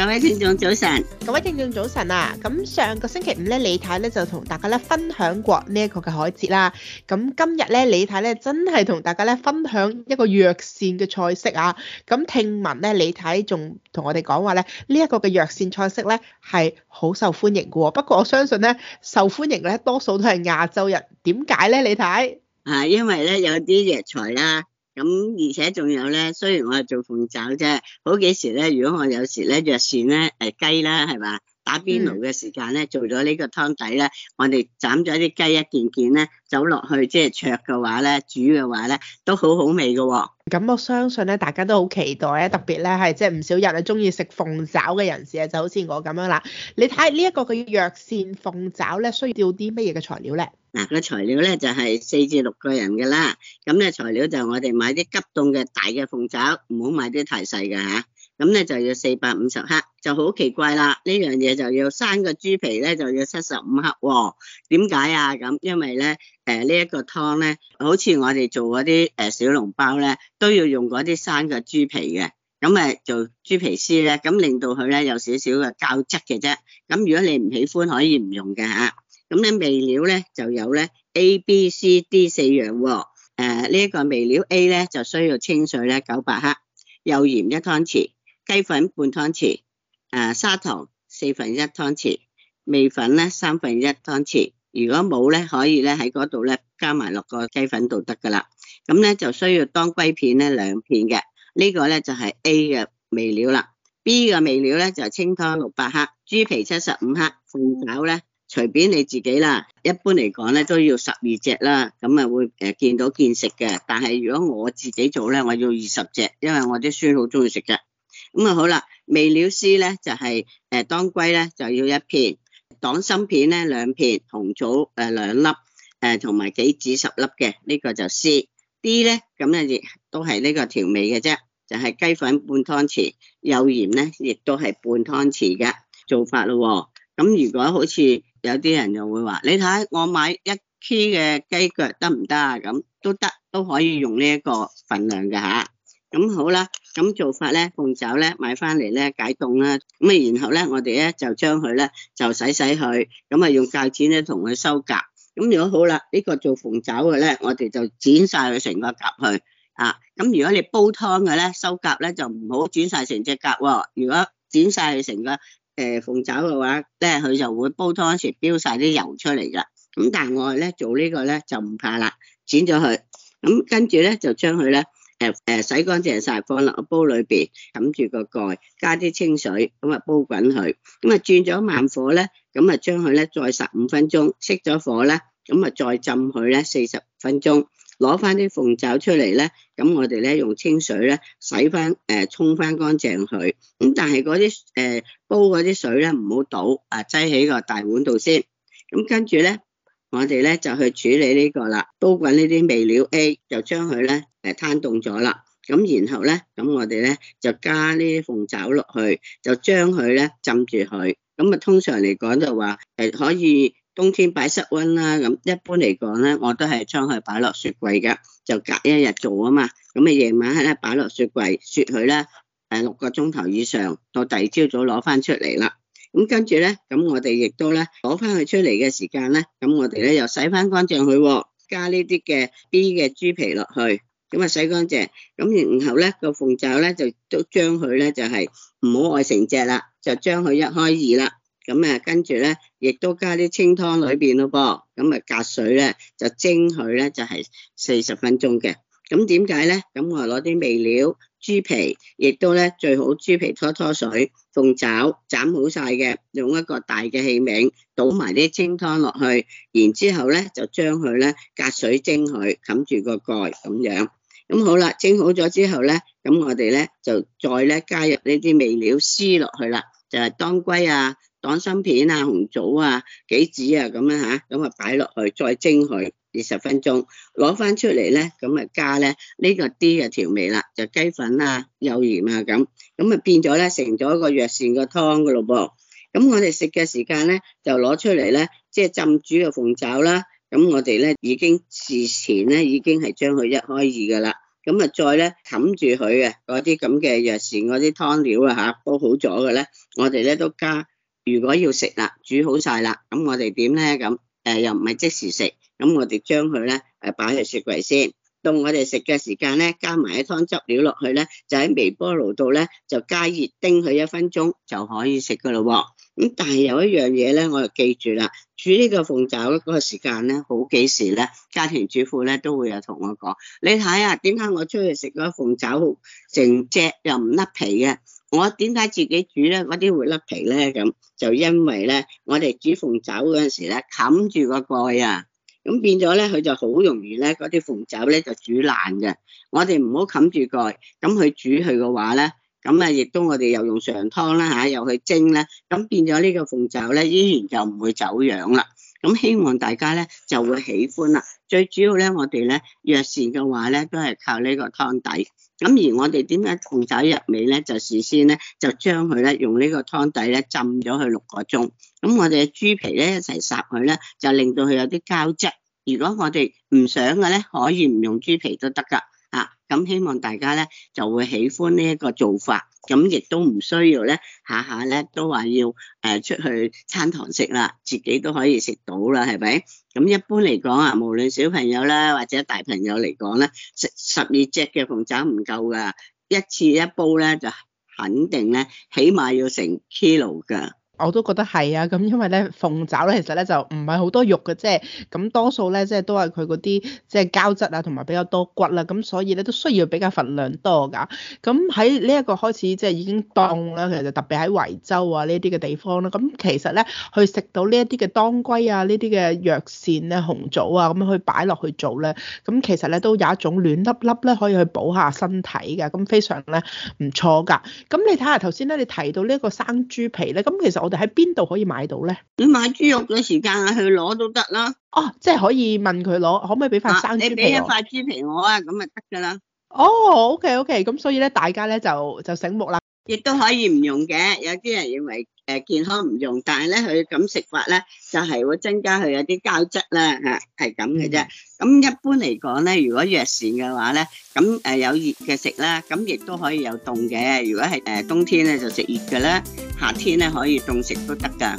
各位聽眾早晨，各位聽眾早晨啊！咁上個星期五咧，李太咧就同大家咧分享過呢一個嘅海蜇啦。咁今日咧，李太咧真係同大家咧分享一個藥膳嘅菜式啊！咁聽聞咧，李太仲同我哋講話咧，呢一個嘅藥膳菜式咧係好受歡迎嘅喎。不過我相信咧，受歡迎咧多數都係亞洲人。點解咧，李太？啊，因為咧有啲藥材啦。咁、嗯、而且仲有咧，雖然我係做鳳爪啫，好幾時咧，如果我有時咧藥膳咧，誒，雞、哎、啦，係嘛？打邊爐嘅時間咧，做咗呢個湯底咧，我哋斬咗啲雞一件件咧，走落去即係焯嘅話咧，煮嘅話咧，都好好味嘅喎。咁我相信咧，大家都好期待啊！特別咧，係即係唔少人啊，中意食鳳爪嘅人士啊，就好似我咁樣啦。你睇下呢一個嘅藥膳鳳爪咧，需要啲乜嘢嘅材料咧？嗱，個材料咧就係四至六個人嘅啦。咁咧，材料就我哋買啲急凍嘅大嘅鳳爪，唔好買啲太細㗎吓。咁咧就要四百五十克，就好奇怪啦！呢樣嘢就要生嘅豬皮咧就要七十五克喎，哦，點解啊？咁因為咧，誒、呃、這個、呢一個湯咧，好似我哋做嗰啲誒小籠包咧，都要用嗰啲生嘅豬皮嘅，咁誒做豬皮絲咧，咁令到佢咧有少少嘅膠質嘅啫。咁如果你唔喜歡，可以唔用嘅吓、啊。咁咧味料咧就有咧 A B, C、哦、B、呃、C、D 四樣，誒呢一個味料 A 咧就需要清水咧九百克，又鹽一湯匙。雞粉半湯匙，啊砂糖四分一湯匙，味粉咧三分一湯匙。如果冇咧，可以咧喺嗰度咧加埋落個雞粉度得噶啦。咁咧就需要當歸片咧兩片嘅，這個、呢個咧就係、是、A 嘅味料啦。B 嘅味料咧就是、清湯六百克，豬皮七十五克，鳳爪咧隨便你自己啦。一般嚟講咧都要十二隻啦，咁啊會誒見到見食嘅。但係如果我自己做咧，我要二十隻，因為我啲孫好中意食噶。咁啊好啦，味料 C 咧就係、是、誒當歸咧就要一片，黨參片咧兩片，紅棗誒兩粒，誒同埋杞子十粒嘅。呢、這個就 C，D 咧咁咧亦都係呢個調味嘅啫，就係、是、雞粉半湯匙，幼鹽咧亦都係半湯匙嘅做法咯、哦，咁如果好似有啲人又會話，你睇我買一 K 嘅雞腳得唔得啊？咁都得，都可以用呢一個份量㗎吓。咁好啦，咁做法咧，鳳爪咧買翻嚟咧解凍啦，咁啊然後咧我哋咧就將佢咧就洗洗佢，咁啊用鉸剪咧同佢收甲，咁如果好啦呢個做鳳爪嘅咧，我哋就剪晒佢成個甲去啊，咁如果你煲湯嘅咧收甲咧就唔好剪晒成隻甲喎，如果剪晒佢成個誒鳳爪嘅話咧，佢就會煲湯嗰時飆晒啲油出嚟噶，咁但係我咧做呢個咧就唔怕啦，剪咗佢，咁跟住咧就將佢咧。誒誒，洗乾淨晒，放落個煲裏邊，冚住個蓋，加啲清水，咁啊煲滾佢，咁啊轉咗慢火咧，咁啊將佢咧再十五分鐘，熄咗火咧，咁啊再浸佢咧四十分鐘，攞翻啲鳳爪出嚟咧，咁我哋咧用清水咧洗翻，誒沖翻乾淨佢，咁但係嗰啲誒煲嗰啲水咧唔好倒，啊擠喺個大碗度先，咁跟住咧。我哋咧就去處理呢個啦，煲滾呢啲味料 A 就將佢咧誒攤凍咗啦，咁然後咧，咁我哋咧就加呢啲鳳爪落去，就將佢咧浸住佢，咁啊通常嚟講就話誒可以冬天擺室溫啦，咁一般嚟講咧我都係將佢擺落雪櫃㗎，就隔一日做啊嘛，咁啊夜晚黑咧擺落雪櫃雪佢咧誒六個鐘頭以上，到第二朝早攞翻出嚟啦。咁跟住咧，咁我哋亦都咧攞翻佢出嚟嘅時間咧，咁我哋咧又洗翻乾淨佢，加呢啲嘅 B 嘅豬皮落去，咁啊洗乾淨，咁然後咧個鳳爪咧就都將佢咧就係唔好愛成隻啦，就將佢一開二啦，咁啊跟住咧亦都加啲清湯裏邊咯噃，咁啊隔水咧就蒸佢咧就係四十分鐘嘅。咁點解咧？咁我攞啲味料，豬皮，亦都咧最好豬皮拖拖水，鳳爪斬好晒嘅，用一個大嘅器皿，倒埋啲清湯落去，然之後咧就將佢咧隔水蒸佢，冚住個蓋咁樣。咁好啦，蒸好咗之後咧，咁我哋咧就再咧加入呢啲味料絲落去啦，就係當歸啊、黨蔘片啊、紅棗啊、杞子啊咁樣吓。咁啊擺落去再蒸佢。二十分鐘攞翻出嚟咧，咁啊加咧呢個啲嘅調味啦，就雞粉啊、幼鹽啊咁，咁啊變咗咧成咗一個藥膳個湯噶咯噃咁我哋食嘅時間咧就攞出嚟咧，即係浸煮嘅鳳爪啦。咁我哋咧已經事前咧已經係將佢一開二噶啦咁啊再咧冚住佢嘅嗰啲咁嘅藥膳嗰啲湯料啊吓煲好咗嘅咧，我哋咧都加。如果要食啦，煮好晒啦，咁我哋點咧咁？誒、呃，又唔係即時食。咁我哋將佢咧，誒，擺喺雪櫃先，到我哋食嘅時間咧，加埋一湯汁料落去咧，就喺微波爐度咧，就加熱叮佢一分鐘就可以食噶啦。咁但係有一樣嘢咧，我就記住啦，煮呢個鳳爪嗰個時間咧，好幾時咧，家庭主婦咧都會有同我講，你睇下點解我出去食嗰個鳳爪成隻又唔甩皮嘅，我點解自己煮咧嗰啲會甩皮咧？咁就因為咧，我哋煮鳳爪嗰陣時咧，冚住個蓋啊。咁變咗咧，佢就好容易咧，嗰啲鳳爪咧就煮爛嘅。我哋唔好冚住蓋，咁去煮佢嘅話咧，咁啊亦都我哋又用上湯啦嚇，又去蒸咧，咁變咗呢個鳳爪咧，依然就唔會走樣啦。咁希望大家咧就會喜歡啦。最主要咧，我哋咧藥膳嘅話咧，都係靠呢個湯底。咁而我哋點解紅酒入味咧？就事、是、先咧就將佢咧用呢個湯底咧浸咗佢六個鐘。咁我哋嘅豬皮咧一齊烚佢咧，就令到佢有啲膠質。如果我哋唔想嘅咧，可以唔用豬皮都得噶。咁希望大家咧就會喜歡呢一個做法，咁亦都唔需要咧下下咧都話要誒出去餐堂食啦，自己都可以食到啦，係咪？咁一般嚟講啊，無論小朋友啦或者大朋友嚟講咧，食十二隻嘅鳳爪唔夠㗎，一次一煲咧就肯定咧，起碼要成 kilo 㗎。我都覺得係啊，咁因為咧鳳爪咧其實咧就唔係好多肉嘅啫。咁多數咧即係都係佢嗰啲即係膠質啊，同埋比較多骨啦，咁所以咧都需要比較份量多㗎。咁喺呢一個開始即係已經凍啦，其實特別喺惠州啊呢啲嘅地方啦，咁其實咧去食到呢一啲嘅當歸啊，呢啲嘅藥膳咧紅棗啊，咁樣去擺落去做咧，咁其實咧都有一種暖粒粒咧可以去補下身體㗎，咁非常咧唔錯㗎。咁你睇下頭先咧你提到呢一個生豬皮咧，咁其實我。我哋喺邊度可以買到咧？你買豬肉嘅時間啊，去攞都得啦。哦，即係可以問佢攞，可唔可以俾塊生，啊、你豬你俾一塊豬皮我啊，咁啊得噶啦。哦，OK OK，咁所以咧，大家咧就就醒目啦。亦都可以唔用嘅，有啲人認為誒健康唔用，但係咧佢咁食法咧就係會增加佢有啲膠質啦吓，係咁嘅啫。咁一般嚟講咧，如果藥膳嘅話咧，咁誒有熱嘅食啦，咁亦都可以有凍嘅。如果係誒冬天咧就食熱嘅啦，夏天咧可以凍食都得噶。